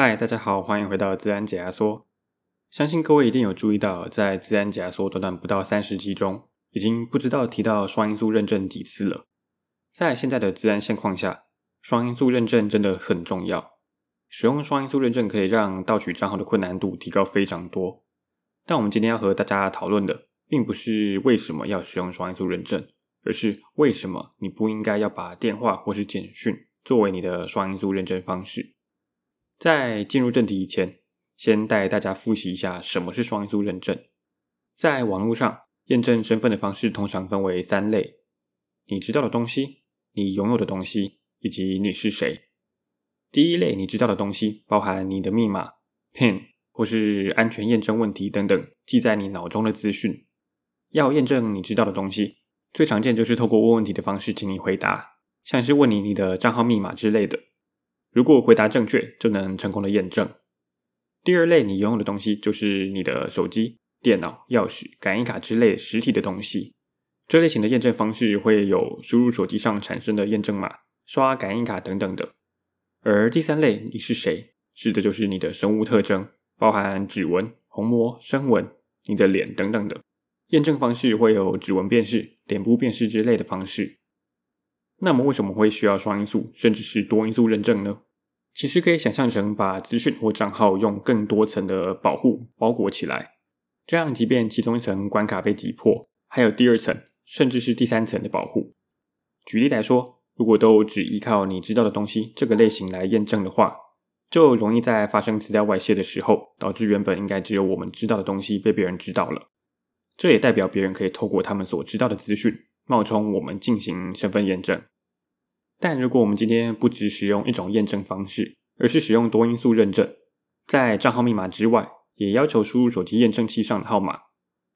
嗨，Hi, 大家好，歡迎回到資安解壓縮。相信各位一定有注意到，在資安解壓縮短短不到三十集中，已經不知道提到雙因素認證幾次了。在現在的資安現況下，雙因素認證真的很重要。使用雙因素認證可以讓盜取賬號的困難度提高非常多。但我們今天要和大家討論的，並不是為什麼要使用雙因素認證，而是為什麼你不應該要把電話或是簡訊作為你的雙因素認證方式。在進入正題以前，先帶大家複習一下什麼是雙因素認證。在網絡上驗證身份的方式通常分為三類：你知道的東西、你擁有的東西以及你是誰。第一類，你知道的東西，包含你的密碼、PIN 或是安全驗證問題等等，記在你腦中的資訊。要驗證你知道的東西，最常見就是透過問問題的方式，請你回答，像是問你你的賬號密碼之類的。如果回答正確，就能成功的驗證。第二類你用的東西，就是你的手機、電腦、鑰匙、感應卡之類實體的東西。這類型的驗證方式會有輸入手機上產生的驗證碼、刷感應卡等等的。而第三類你是誰？指的就是你的生物特徵，包含指紋、虹膜、聲紋、你的臉等等等。驗證方式會有指紋辨識、臉部辨識之類的方式。那麼為什麼會需要雙因素，甚至是多因素認證呢？其實可以想象成把資訊或賬號用更多層的保護包裹起來，這樣即便其中一層關卡被擊破，還有第二層，甚至是第三層的保護。舉例來說，如果都只依靠你知道的東西這個類型來驗證的話，就容易在發生資料外泄的時候，導致原本應該只有我們知道的東西被別人知道了。這也代表別人可以透過他們所知道的資訊。冒充我們進行身份驗證，但如果我們今天不只使用一種驗證方式，而是使用多因素認證，在賬號密碼之外，也要求輸入手機驗證器上的號碼，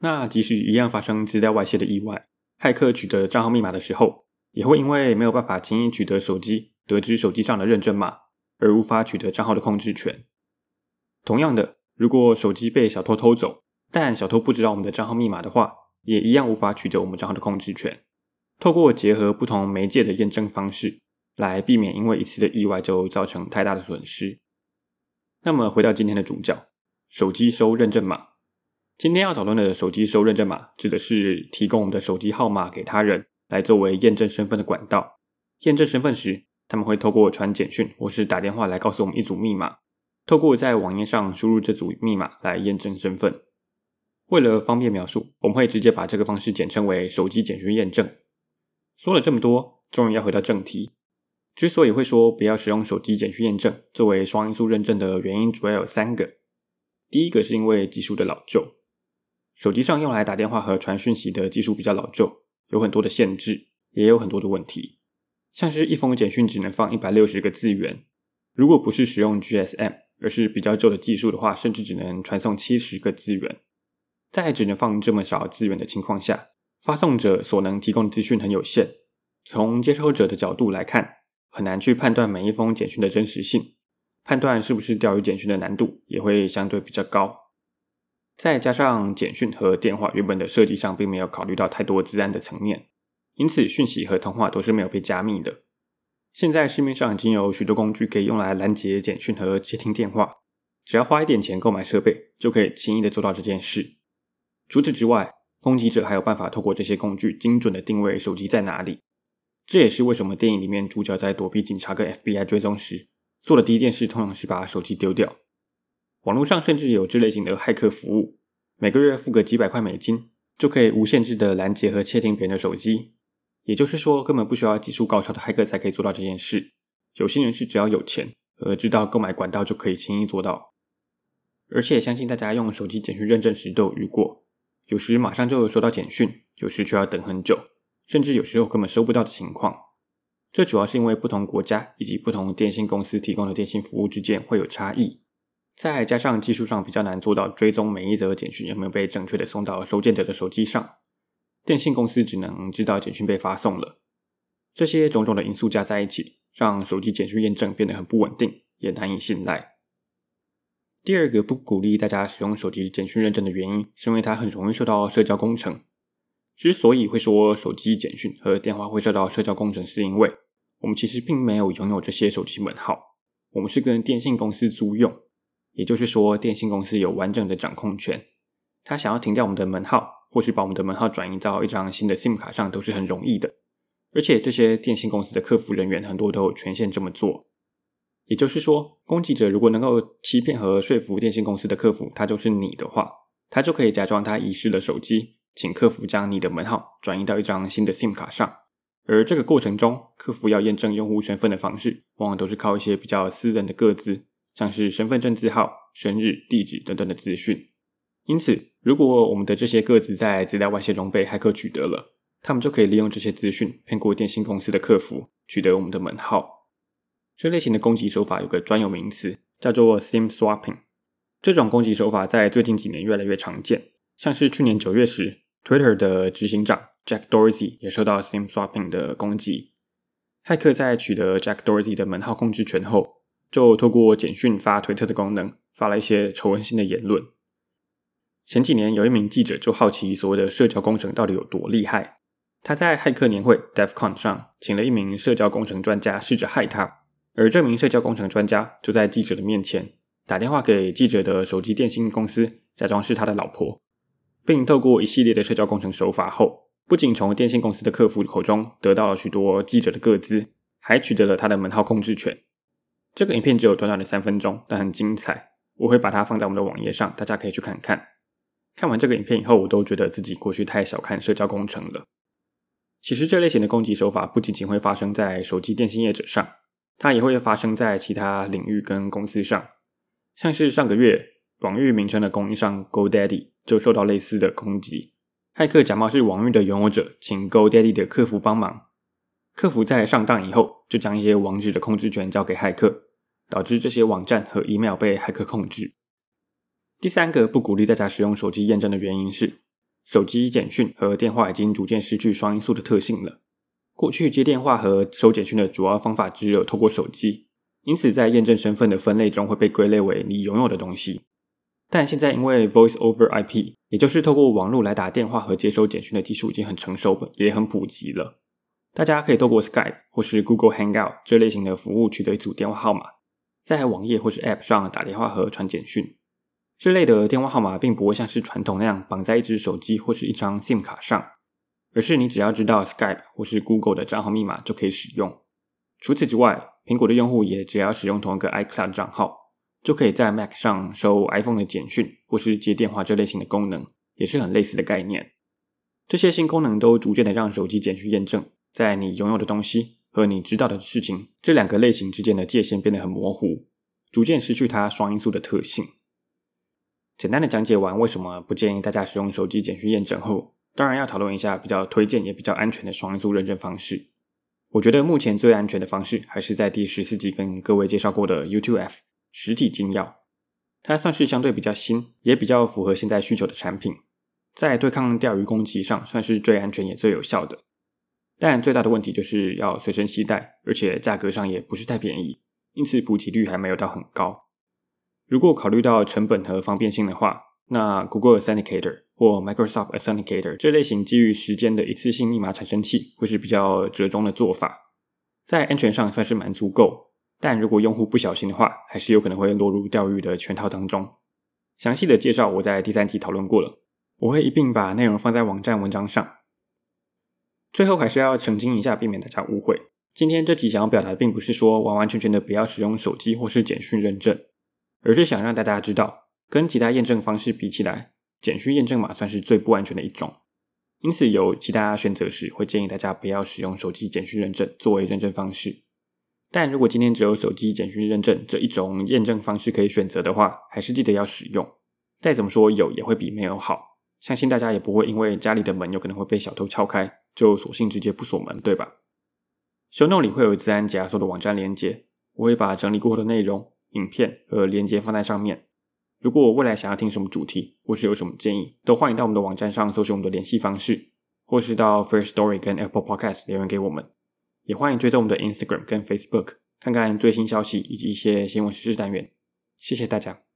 那即使一樣發生資料外泄的意外，駭客取得賬號密碼的時候，也會因為沒有辦法輕易取得手機，得知手機上的認證碼，而無法取得賬號的控制權。同樣的，如果手機被小偷偷走，但小偷不知道我們的賬號密碼的話。也一樣無法取得我們賬號的控制權。透過結合不同媒介的驗證方式，來避免因為一次的意外就造成太大的損失。那麼回到今天的主角，手機收驗證碼。今天要討論的手機收驗證碼，指的是提供我們的手機號碼給他人，來作為驗證身份的管道。驗證身份時，他們會透過傳簡訊或是打電話來告訴我們一組密碼，透過在網頁上輸入這組密碼來驗證身份。為了方便描述，我們會直接把這個方式簡稱為手機簡訊驗證。說了這麼多，終於要回到正題。之所以會說不要使用手機簡訊驗證作為雙因素認證的原因，主要有三個。第一個是因為技術的老舊，手機上用來打電話和傳訊息的技術比較老舊，有很多的限制，也有很多的問題，像是一封簡訊只能放一百六十個字元，如果不是使用 GSM，而是比較舊的技術的話，甚至只能傳送七十個字元。在只能放這麼少資源的情況下，發送者所能提供的資訊很有限。從接收者的角度來看，很難去判斷每一封簡訊的真實性，判斷是不是釣魚簡訊的難度也會相對比較高。再加上簡訊和電話原本的設計上並沒有考慮到太多資安的層面，因此訊息和通話都是沒有被加密的。現在市面上已經有許多工具可以用來攔截簡訊和接聽電話，只要花一點錢購買設備，就可以輕易的做到這件事。除此之外，攻擊者還有辦法透過這些工具精準的定位手機在哪裡。這也是為什麼電影裡面主角在躲避警察跟 FBI 追蹤時，做的第一件事通常是把手機丟掉。網絡上甚至有這類型的駭客服務，每個月付個幾百塊美金，就可以無限制的攔截和竊聽別人的手機。也就是說，根本不需要技術高超的駭客才可以做到這件事。有心人士只要有錢和知道購買管道，就可以輕易做到。而且相信大家用手機簡訊認證時都有遇過。有時馬上就會收到簡訊，有時卻要等很久，甚至有時候根本收不到的情況。這主要是因為不同國家以及不同電信公司提供的電信服務之間會有差異，再加上技術上比較難做到追蹤每一則簡訊有沒有被正確的送到收件者的手機上，電信公司只能知道簡訊被發送了。這些種種的因素加在一起，讓手機簡訊驗證變得很不穩定，也難以信賴。第二個不鼓勵大家使用手機簡訊認證的原因，是因為它很容易受到社交工程。之所以會說手機簡訊和電話會受到社交工程，是因為我們其實並沒有擁有這些手機門號，我們是跟電信公司租用。也就是說，電信公司有完整的掌控權，他想要停掉我們的門號，或是把我們的門號轉移到一張新的 SIM 卡上，都是很容易的。而且，這些電信公司的客服人員很多都有權限這麼做。也就是說，攻擊者如果能夠欺騙和說服電信公司的客服，他就是你的話，他就可以假裝他遺失了手機，請客服將你的門號轉移到一張新的 SIM 卡上。而這個過程中，客服要驗證用戶身份的方式，往往都是靠一些比較私人的個資，像是身份證字號、生日、地址等等的資訊。因此，如果我們的這些個資在資料外洩中被駭客取得了，他們就可以利用這些資訊騙過電信公司的客服，取得我們的門號。這類型的攻擊手法有個專有名詞，叫做 SIM Swapping。這種攻擊手法在最近幾年越來越常見。像是去年九月時，Twitter 的執行長 Jack Dorsey 也受到 SIM Swapping 的攻擊。駭客在取得 Jack Dorsey 的門號控制權後，就透過簡訊發推特的功能，發了一些仇恨性的言論。前幾年有一名記者就好奇所謂的社交工程到底有多厲害，他在駭客年會 DefCon 上，請了一名社交工程專家試着害他。而這名社交工程專家就在記者的面前打電話給記者的手機電信公司，假裝是他的老婆，並透過一系列的社交工程手法後，不僅從電信公司的客服口中得到了許多記者的個資，還取得了他的門號控制權。這個影片只有短短的三分鐘，但很精彩。我會把它放在我們的網頁上，大家可以去看看。看完這個影片以後，我都覺得自己過去太小看社交工程了。其實，這類型的攻擊手法不僅僅會發生在手機電信業者上。它也會發生在其他領域跟公司上，像是上個月網域名稱的供應商 GoDaddy 就受到類似的攻擊，駭客假冒是網域的擁有者，請 GoDaddy 的客服幫忙，客服在上當以後就將一些網址的控制權交給駭客，導致這些網站和 email 被駭客控制。第三個不鼓勵大家使用手機驗證的原因是，手機簡訊和電話已經逐漸失去雙因素的特性了。過去接電話和收簡訊的主要方法只有透過手機，因此在驗證身份的分類中會被歸類為你擁有的東西。但現在因為 Voice over IP，也就是透過網絡來打電話和接收簡訊的技術已經很成熟了，也很普及了。大家可以透過 Skype 或是 Google Hangout 這類型的服務取得一組電話號碼，在網頁或是 App 上打電話和傳簡訊。這類的電話號碼並不會像是傳統那樣綁在一只手機或是一張 SIM 卡上。可是你只要知道 Skype 或是 Google 的賬號密碼就可以使用。除此之外，蘋果的用戶也只要使用同一個 iCloud 賬號，就可以在 Mac 上收 iPhone 的簡訊或是接電話這類型的功能，也是很類似的概念。這些新功能都逐漸的讓手機簡訊驗證，在你擁有的東西和你知道的事情這兩個類型之間的界限變得很模糊，逐漸失去它雙因素的特性。簡單的講解完為什麼不建議大家使用手機簡訊驗證後。當然要討論一下比較推薦也比較安全的雙因素認證方式。我覺得目前最安全的方式還是在第十四集跟各位介紹過的 U2F 實體金鑰。它算是相對比較新，也比較符合現在需求的產品，在對抗釣魚攻擊上算是最安全也最有效的。但最大的問題就是要隨身攜帶，而且價格上也不是太便宜，因此普及率還沒有到很高。如果考慮到成本和方便性的話，那 Google Authenticator 或 Microsoft Authenticator 這類型基於時間的一次性密碼產生器會是比較折中的做法，在安全上算是蠻足夠，但如果用戶不小心的話，還是有可能會落入釣魚的圈套當中。詳細的介紹我在第三集討論過了，我會一併把內容放在網站文章上。最後還是要澄清一下，避免大家誤會，今天這集想要表達的並不是說完完全全的不要使用手機或是簡訊認證，而是想讓大家知道。跟其他驗證方式比起來，簡訊驗證碼算是最不安全的一種。因此，有其他選擇時，會建議大家不要使用手機簡訊認證作為認證方式。但如果今天只有手機簡訊認證這一種驗證方式可以選擇的話，還是記得要使用。再怎麼說有也會比沒有好，相信大家也不會因為家裡的門有可能會被小偷撬開，就索性直接不鎖門，對吧？敘述欄裡會有資安解壓縮的網站連接，我會把整理過後的內容、影片和鏈接放在上面。如果我未來想要聽什麼主題，或是有什麼建議，都歡迎到我們的網站上搜尋我們的聯繫方式，或是到 Firstory 跟 Apple Podcast 留言給我們。也歡迎追蹤我們的 Instagram 跟 Facebook，看看最新消息以及一些新聞時事單元。謝謝大家。